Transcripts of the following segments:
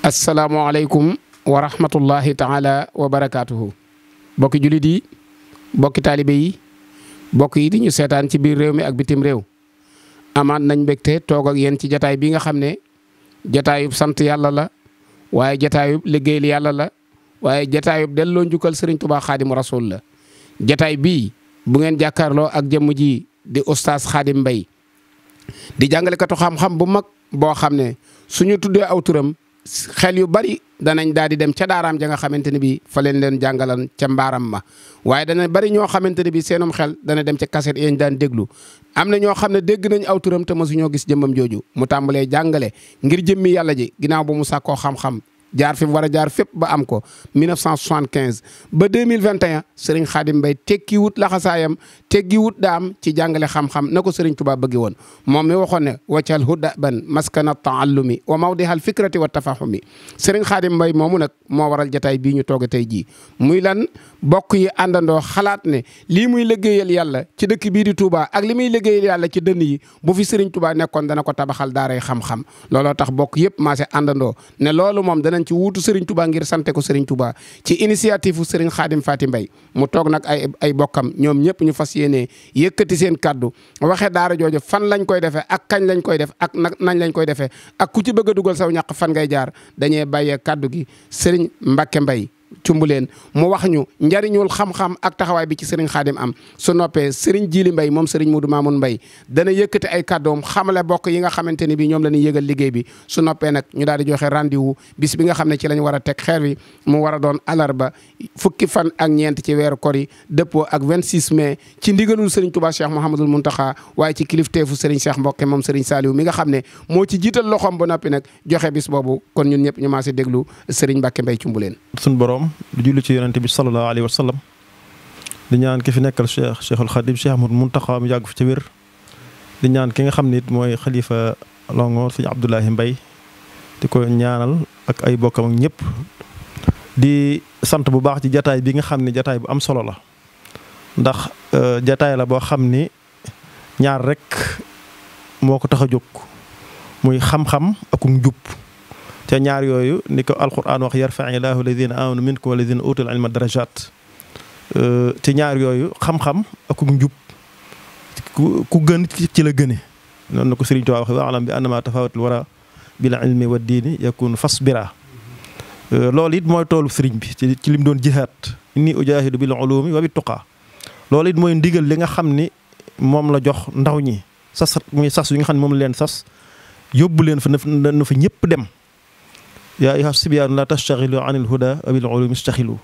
asalaamualeykum wa rahmatullahi taala wa barakaatuhu bokki jullit yi bokki taalibe yi bokk yi di ñu seetaan ci biir réew mi ak bitim réew amaat nañ mbégte toog ak yéen ci jataay bii nga xam ne jataayub sant yàlla la waaye jataayub liggéeyal yàlla la waaye jataayub delloo njukkal sëriñ tubaa xaadimu rasul la jataay bii bu ngeen jàkkaarloo ak jëmm ji di oustaz xaadim mbay di jàngalekatu xam-xam bu mag boo xam ne suñu tuddee aw turam xel yu bari danañ daal di dem ca daaraam ja nga xamante ne bii fa leen leen jàngalan ca mbaaram ma waaye dana bari ñoo xamante ne bii seenum xel dana dem ca kaset yañ daan déglu am na ñoo xam ne dégg nañ aw turam te masuñoo gis jëmmam jooju mu tàmbalee jàngale ngir jëmmi yàlla ji ginnaaw ba mu sàkkoo xam-xam jaar fi mu war a jaar fépp ba am ko ba 2021 Serigne Khadim Mbaye tekki wut laxasaayam teggi wut daam ci jàngale xam-xam na ko Serigne Touba bëgge woon moom mi waxoon ne waccal huda ban maskana taallumi wa mawdihal fikrati wa tafahumi Serigne Khadim Mbaye moomu nag moo waral jataay bii ñu tooge tey jii muy lan bokk yi àndandoo xalaat ne lii muy liggéeyal yàlla ci dëkk bii di Touba ak li muy liggéeyal yàlla ci dënn yi bu fi sëriñ Touba nekkoon dana ko tabaxal daaray xam-xam looloo tax bokk yëpp maase àndandoo danañ ci wuutu Serigne Touba ngir sante ko Serigne Touba ci initiative u Serigne Khadim Fati mbay mu toog nag ay ay bokkam ñoom ñëpp ñu fas yéenee yëkkati seen kaddu waxee daara jooju fan lañ koy defee ak kañ lañ koy def ak nag nañ lañ koy defee ak ku ci bëgg a dugal saw ñàq fan ngay jaar dañee bàyyee kàddu gi Serigne mbakke mbay cumbuleen mu wax ñu njariñul xam-xam ak taxawaay bi ci sëriñ xaadim am su noppee sëriñ Jili Mbay moom sëriñ Mudu Maamun Mbay dana yëkkati ay kàddoom xamale bokk yi nga xamante ni bi ñoom la ñuy yëgal liggéey bi su noppee nag ñu daal di joxe rendez-vous bis bi nga xam ne ci lañ war a teg xeer mu war a doon alarba fukki fan ak ñeent ci weeru kor yi dëppoo ak 26 mai ci ndigalul sëriñ Tuubaa Cheikh Mouhamadul Muntaxa waaye ci kilifteefu sëriñ Cheikh Mbokke moom sëriñ Saaliw mi nga xam ne moo ci jiital loxoom ba noppi nag joxe bis boobu kon ñun ñëpp ñu maa si déglu sëriñ Mbàkke Mbay cumbuleen suñ borom moom di julli ci yonente bi sallallahu alayhi wa sallam di ñaan ki fi nekkal cheikh cheikhul xadim cheikh Ahmad Muntaxa mu yàgg fi ci wér di ñaan ki nga xam ne mooy xalifa Longhor sëñ Abdoulahi mbay di ko ñaanal ak ay bokkam ak ñëpp di sant bu baax ci jataay bi nga xam ne jataay bu am solo la ndax euh, jataay la boo xam ni ñaar rek moo ko tax a jóg muy xam-xam akum njub te ñaar yooyu ni ko alquran wax yarfa'i llahu alladina amanu minkum walladina utul ilma darajat ci ñaar yooyu xam-xam ak njub ku ci la gëne noonu na ko Sëriñ Tuubaa waxe waalam bi annama tafawatul wara bil ilmi wa diini yakun fasbira loolu it mooy toolu sëriñ bi ci lim doon jihaat inni ujahidu bil ulumi wa bit tuqaa loolu it mooy ndigal li nga xam ni moom la jox ndaw ñi sas muy sas yi nga xam ne moom la leen sas yóbbu leen fa na fa ñëpp dem yaa ayyuha sibyaan la tastaxilu an il huda abil ulum istaxilu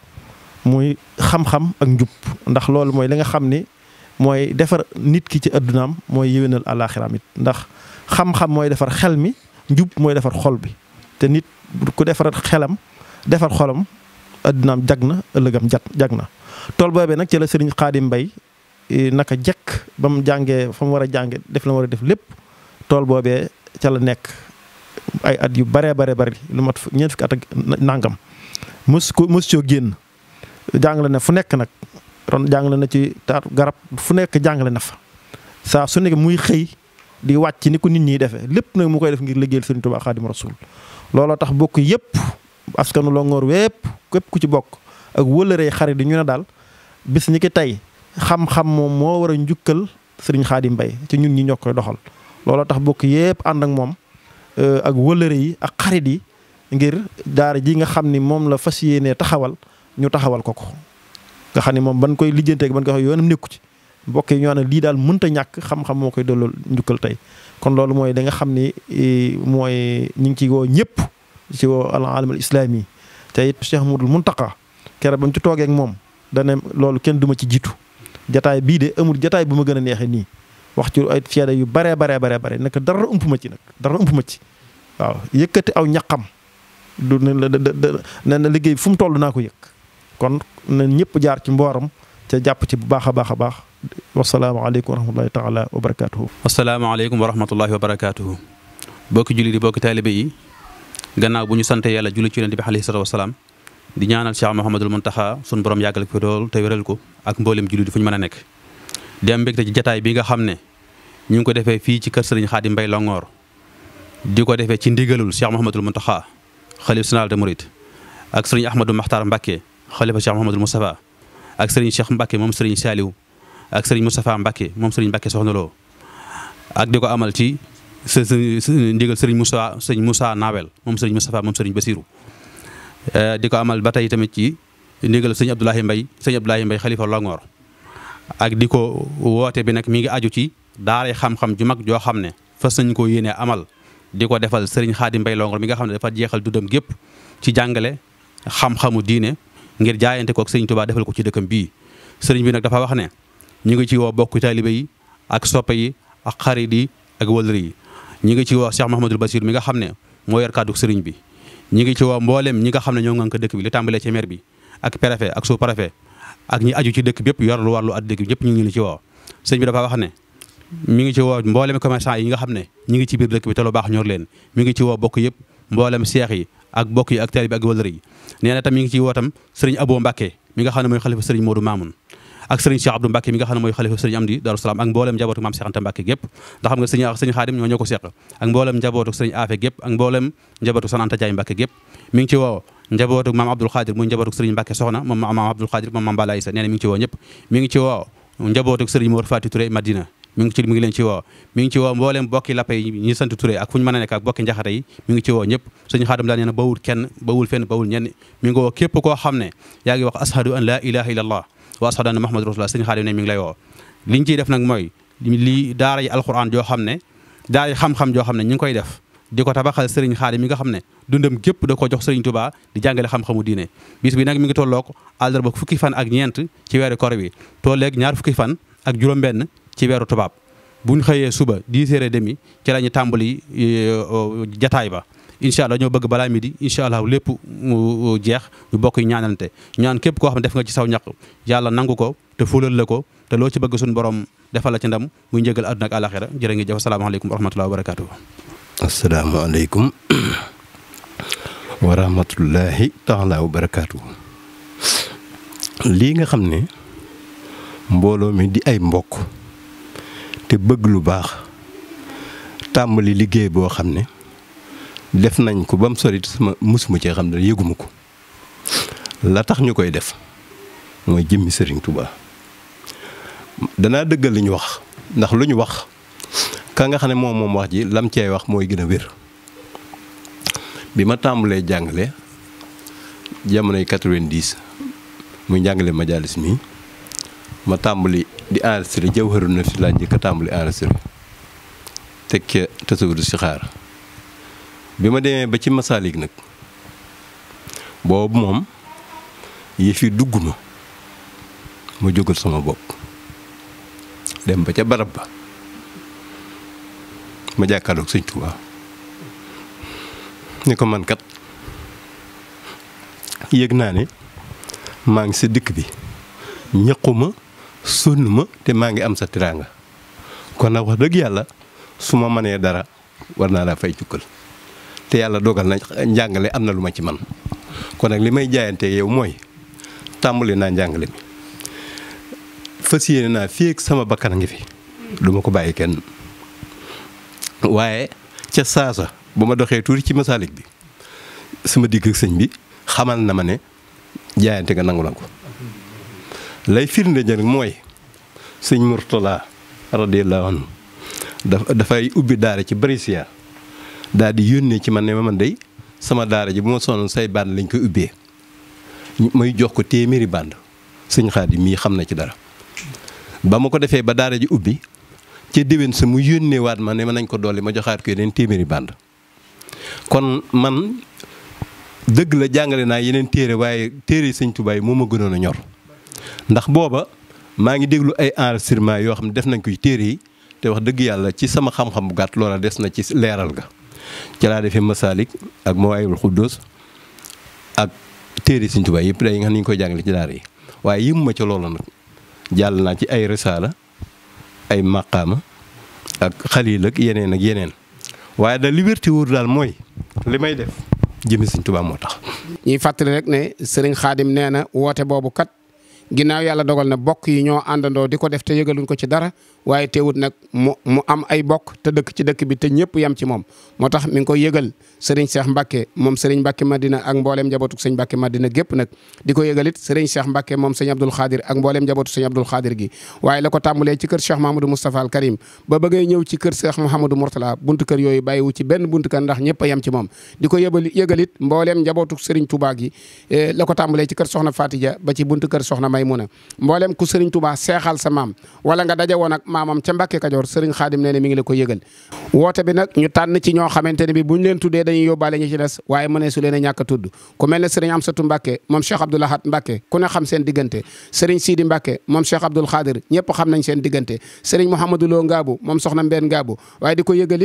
muy xam-xam ak njub ndax loolu mooy li nga xam ni mooy defar nit ki ci addunaam mooy yéwénal àllaaxiraam ndax xam-xam mooy defar xel mi njub mooy defar xol bi te nit ku defar xelam defar xolam addunaam jag na ëllëgam jag jag na tool boobee nag ci la sëriñ Xaadim Mbay eh, naka jekk ba mu jàngee fa mu war a jànge def la mu war a def lépp tool boobee ca la nekk ay at yu baree bare bari lu mat ñeent fukki at ak nangam mos ko mos coo génn jàngale na fu nekk nag ron jàngale na ci taatu garab fu nekk jàngale na fa saa su nekk muy xëy di wàcc ni ko nit ñi defee lépp nag mu koy def ngir liggéeyal Sëriñ Tuubaa Xaadim Rasuul looloo tax bokk yëpp askanu Longoor wépp képp ku ci bokk ak wëlëree xarit di ñu ne daal bis tey xam moom moo war a njukkal Sëriñ Xaadim Mbay ci ñun ñi ñoo doxal looloo tax bokk yëpp ànd ak moom Euh, ak wëlëre yi ak xarit yi ngir daara ji nga xam ni moom la fas yéenee taxawal ñu taxawal ko ko nga xam ni moom ban koy lijjanteeg ban koy wax yoonam nekku ci mbokk yi ñoo ne lii daal mënta ñàkk xam moo koy delloo njukkal tey kon loolu mooy da nga xam ni mooy ñu ngi ci wow ñëpp ci woo al alamal islaami te it Cheikh Mouhamadoul Mountakha keroog ba mu ci toogee moom dane loolu kenn duma ci jiitu jataay bii de amul jataay bu ma gën a neexee nii wax ci ay fiyada yu baree baree baree bare naka dara ëmp ma ci nag dara ëmp ma ci waaw yëkkati aw ñaqam du ne na liggéey fu mu toll naa ko yëg kon na ñëpp jaar ci mbooram ca jàpp ci bu baax a baax a baax wasalaamaaleykum wa rahmatullahi taala wa barakaatuhu wasalaamaaleykum wa rahmatullahi wa barakaatuhu bokki julli di bokki taalibe yi gannaaw bu ñu sante yàlla julli ci yonent bi alayhi salaatu wasalaam di ñaanal Cheikh Mouhamadul Muntaxa sun borom yàggal ko fi dool te wéral ko ak mboolem julli fu ñu mën a nekk di am mbégte ci jataay bi nga xam ne ñu ngi ko defee fii ci kër sëriñ Xaadim Mbay Longoor di ko defee ci ndigalul Cheikh Mouhamadul Mountakha xalif général des Mourides ak sëriñ Ahmadou Makhtar Mbacke xalifa Cheikh Mouhamadul Moustapha ak sëriñ Cheikh Mbacke moom sëriñ Saliou ak sëriñ Moustapha Mbacke moom sëriñ Mbacke Soxna Lo ak di ko amal ci sa ndigal sëriñ Moussa sëriñ Moussa Nawel moom sëriñ Moustapha moom sëriñ Basirou eh, di ko amal ba tey tamit ci ndigal sëriñ Abdoulahi Mbay sëriñ Abdoulahi Mbay xalifa Longoor ak di ko woote bi nag mi ngi aju ci daaray xam-xam ju mag joo xam ne fas sëñ koo yéenee amal di ko defal sëriñ Xaadim Mbay Longor mi nga xam ne dafa jeexal dundam gépp ci jàngale xam diine ngir jaayante ko ak sëriñ defal ko ci dëkkam bii sëriñ bi nag dafa wax ne ñu ngi ci woo bokk taalibe yi ak soppe yi ak xarit yi ak wëlër yi ñu ngi ci woo Cheikh Mahamadul Basir mi nga xam ne moo yor sëriñ bi ñu ngi ci woo mboolem ñi nga xam ne ñoo ngan ko dëkk bi li tàmbalee ci maire bi ak préfet ak sous préfet ak ñi aju ci dëkk bépp yor lu wàllu at dëkk bi ñëpp ñu ngi ni ci woo sëñ bi wax ne mi ngi ci woo mboolem commerçant yi nga xam ne ñi ngi ci biir dëkk bi te lu ñor leen mi ngi ci woo bokk yëpp mboolem seex yi ak bokk yi ak taalibe bi ak wëlër yi nee mi ngi ci woo tam sëriñ Abo Mbàkke mi nga xam ne mooy xalifa sëriñ Modou Mamoun ak sëriñ Cheikh Abdou Mbacke ne mooy xalifa sëriñ Amdi Darou Salaam ak mboolem njabootu maam Cheikh Anta ak sëriñ Xaadim ñoo ñoo ko seq ak mboolem njabootu sëriñ Afe gépp ak mboolem njabootu San Anta Jaay Mbacke gépp mi ngi ci woo njabootu maam Abdul Xaadir muy njabootu sëriñ Mbàkke soxna moom maam Abdul Xaadir moom maam Bala Isa nee na mi ngi ci woo ñëpp mi ci woo njabootu sëriñ Mor Fati Touré Madina mi leen ci woo mi ci woo mboolem bokki lappe ñi sant Touré ak fu ñu mën a bokki njaxate yi ngi ci woo ñëpp sëñ xaadam daa nee na kenn bawul fenn bawul ñenn mi ngi woo képp koo xam ne yaa ngi wax ashadu an la ilaha illa wa ashadu anna muhammadu rasulullah sëñ xaadim ne mi ngi lay woo liñ def nag mooy lii daara yi alquran xam ne daara yi xam-xam ne ñu ngi koy def di ko tabaxal sëriñ xaadim mi nga xam ne dundam gépp da ko jox sëriñ Touba di jàngale xam-xamu diine bis bi nag mi ngi tolloog àllarba fukki fan ak ñeent ci weeru kor wi tolleeg ñaar fukki fan ak juróom-benn ci weeru tubaab buñ xëyee suba dix heures et demi ci la ñu tàmbali euh, jataay ba incha allah ñoo bëgg balaa di incha allah lépp mu jeex ñu bokk ñaanante ñaan képp koo xam ne def nga ci saw ñaq yàlla nangu ko te fulal la ko te loo ci bëgg suñu borom defal la ci ndam muy njëgal àdduna ak àlaxira jërë ngi jëf asalaamaaleykum wa rahmatullahi wa barakatuh asalaamaaleykum wa rahmatullahi taala lii nga xam ne mbooloo mi di ay mbokk te bëgg lu baax tàmbali liggéey boo xam ne def nañ ko ba mu sori sama musuma cee xam ne yëguma ko la tax ñu koy def mooy jëmmi Sëriñ tubaa danaa dëggal li ñu wax ndax lu ñu wax. ka xam ne moom moom wax ji lam cey wax mooy gën a wér bi ma tàmbalee jàngale jamonoy 90 muy jàngale majalis mi ma tàmbali di enregistré Jawharun Nafis laa njëkk a tàmbali enregistré teg ca tasawudu si xaar bi ma demee ba ci masaalik nag boobu moom yëf yi dugg ma ma jógal sama bopp dem ba ca barab ba ma jàkkaarloog sëñ Tuubaa ni ko man kat yëg naa ne maa ngi si dikk bi ñaquma sonn te maa ngi am sa tiraanga kon nag wax dëgg yàlla su ma mënee dara war naa daa fay cukkal te yàlla dogal na njàngale am na lu ma ci man kon nag li may jaayante yow mooy tàmbali naa njàngale mi fas yéene naa fii sama bakkan a ngi fi duma ko bàyyi kenn waaye ca saasa bu ma doxee tuuti ci masaalik bi sama digg sëñ bi xamal na ma ne jaayante nga nangu la ko lay firnde ja mooy sëñ Murtala radiyallahu anhu dafay ubbi daara ci Brescia daal di yónnee ci man ne ma man day sama daara ji bu ma sonoon say band lañ koy ubbee muy jox ko téeméeri band sëñ Xaadim mii xam na ci dara ba ma ko defee ba daara ji ubbi ca déwén sa mu yónnee waat ma ne ma nañ ko dolli ma joxaat ko yeneen téeméeri bànd kon man dëgg la jàngale naa yeneen téere waaye téere sëñ Tuubaa moom moo ma gënoon a ñor ndax booba maa ngi déglu ay enregistrement yoo xam ne def nañ koy téere yi te wax dëgg yàlla ci sama xam-xam bu gàtt loola des na ci leeral ga ci laa defee masaalik ak mawaayibul xuddoos ak téere sëñ Tuubaa yëpp day nga xam ni ñu koy jàngale ci daara yi waaye yëmuma ca loolu nag jàll naa ci ay risaala ay maqaama ak xaliil ak yeneen ak yeneen waaye da liberté wóor daal mooy li may def jëmi Sëriñ Tuubaa moo tax. ñuy fàttali rek ne Sëriñ Xaadim nee na woote boobu kat ginnaaw yàlla dogal na bokk yi ñoo àndandoo di ko def te yëgaluñ ko ci dara waaye teewut nag mu mu am ay bokk te dëkk ci dëkk bi te ñëpp yam ci moom moo tax mi ngi koy yëgal sëriñ Cheikh Mbacke moom sëriñ Mbacke Madina ak mboolem njabootu sëñ Mbacke Madina gépp nag di ko yëgalit sëriñ Cheikh Mbacke moom sëñ Abdoul Khadir ak mboolem njabootu sëñ Abdoul Khadir gi waaye la ko tàmbalee ci kër Cheikh Mahamadou Moustapha al Karim ba bëggee ñëw ci kër Cheikh Mouhamadou Mourtala yooyu bàyyiwu ci benn buntu kan ndax ñëpp a yam ci moom di ko yëgal yëgalit mbooleem njabootu sëriñ Touba gi eh, la ko tàmbalee ci ba ci buntu kër soxna Maymuna mboolem ku Serigne Touba seexal sa maam wala nga daje woon ak maamam ca Mbàkke Kajoor Serigne Khadim nee na mi ngi la ko yëgal woote bi nag ñu tànn ci ñoo xamante ne bi buñ leen tuddee dañuy yóbbaale ñi ci waaye mënee su leen a ñàkk a tudd ku mel ne Serigne Amsatou Mbàkke moom Cheikh Abdoul Ahad Mbàkke ku ne xam seen diggante Serigne Sidi Mbàkke moom Cheikh Abdoul Khadir ñëpp xam nañ seen diggante Serigne Mouhamadou Ngaabu moom soxna Mbeen Ngaabu waaye di ko yëgal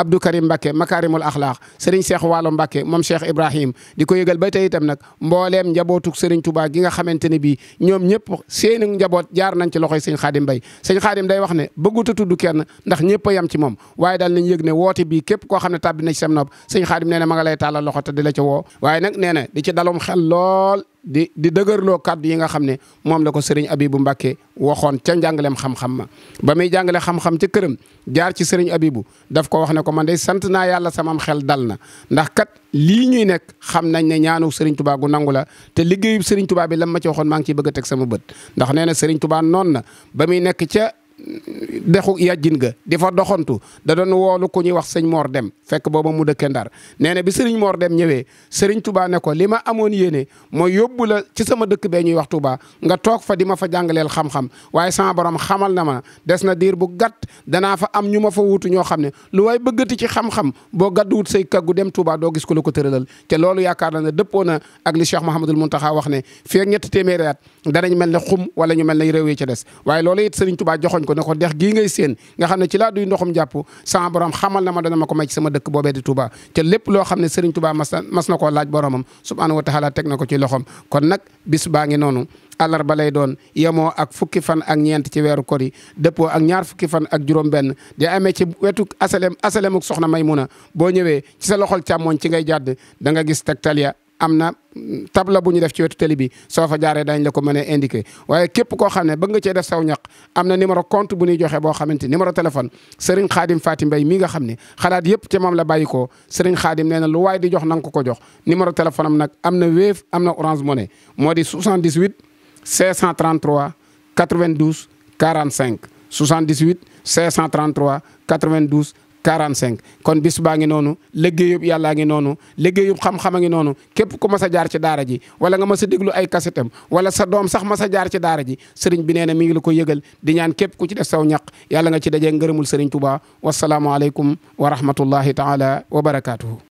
Abdou Karim Mbacke makaarimul axlaax Serigne Cheikh Waalo Mbacke moom Cheikh Ibrahim di ko yëgal ba tey itam nag mbooleem njabootuk Serigne Touba gi nga xamante ne bii ñoom njaboot jaar nañ ci loxoy sëñ Xaadim Mbay sëñ day wax ne bëggut a tudd kenn ndax ñëpp a yem ci moom waaye daal nañ yëg ne woote bii képp koo xam ne tàbbi na ci sam nopp sëñ Xaadim nee ma nga lay tàllal loxo te di la ca woo waaye nag nee na di ci dalum xel lool di di dëgërloo kàddu yi nga xam ne moom la ko sëriñ Abibu Mbàkke waxoon ca njàngaleem xam-xam ma ba muy jàngale xam-xam ca këram jaar ci sëriñ Abibu daf ko wax ne ko man day sant naa yàlla samam xel dal na ndax kat lii ñuy nekk xam nañ ne ñaanu sëriñ Tuubaa gu nangu la te liggéeyub sëriñ Tuubaa bi lam ma ci waxoon maa ngi ciy bëgg teg sama bët ndax neena na sëriñ Tuubaa noonu na ba muy nekk ca dexu yàjjin ga di fa doxantu da doon woolu ku ñuy wax sëñ moor Dem fekk booba mu dëkkee Ndar nee na bi sëriñ moor Dem ñëwee sëriñ Touba ne ko li ma amoon yéene mooy yóbbu la ci sama dëkk bee ñuy wax Touba nga toog fa di ma fa jàngaleel xam-xam waaye sama borom xamal na ma des na diir bu gàtt danaa fa am ñu ma fa wutu ñoo xam ne lu waay bëggati ci xam-xam boo gàdduwut say kaggu dem Touba doo gis ko la ko tëralal te loolu yaakaar na ne dëppoo na ak li Cheikh Mouhamadul Mountakha wax ne fii ak ñetti téeméeri at danañ mel ne wala ñu mel ne réew ca des ko ko dex gii ngay séen nga xam ne ci laa duy ndoxum jàpp sama borom xamal na ma dana ma ko may ci sama dëkk boobee di Touba te lépp loo xam ne Serigne Touba mas mas na koo laaj boromam subhaanahu wa taala teg na ko ci loxom kon nag bis baa ngi noonu àllarba lay doon yemoo ak fukki fan ak ñeent ci weer kor yi dëppoo ak ñaar fukki fan ak juróom-benn di ame ci wetu asalem asalemuk soxna Maymuna boo ñëwee ci sa loxol càmmooñ ci ngay jàdd da nga gis tegtal ya am na tabla bu ñu def ci wetu télé bi soo fa jaaree daañ la ko mën a indiqué waaye képp koo xam ne bëgg nga cee def saw ñaq am na numéro compte bu ñuy joxe boo xamante numéro téléphone Serigne Khadim Faty Mbaye mii nga xam ne xalaat yëpp ci moom la bàyyi ko Serigne Khadim nee na lu waay di jox na nga ko ko jox numéro téléphone am nag am na Wave am na Orange Money moo di 78 533 92 45 78 533 92 45 kon bis baa ngi noonu liggéeyub yàllaa ngi noonu liggéeyub xam-xam a ngi noonu képp ku mas a jaar ci daara ji wala nga mas a déglu ay kasetam wala sa doom sax masa jaar ci daara ji sëriñ bi nee na mi ngi la ko yëgal di ñaan képp ku ci def saw ñaq yàlla nga ci dajee ngërëmul sëriñ Tuubaa wasalaamualeykum wa rahmatullahi taala wa barakaatuhu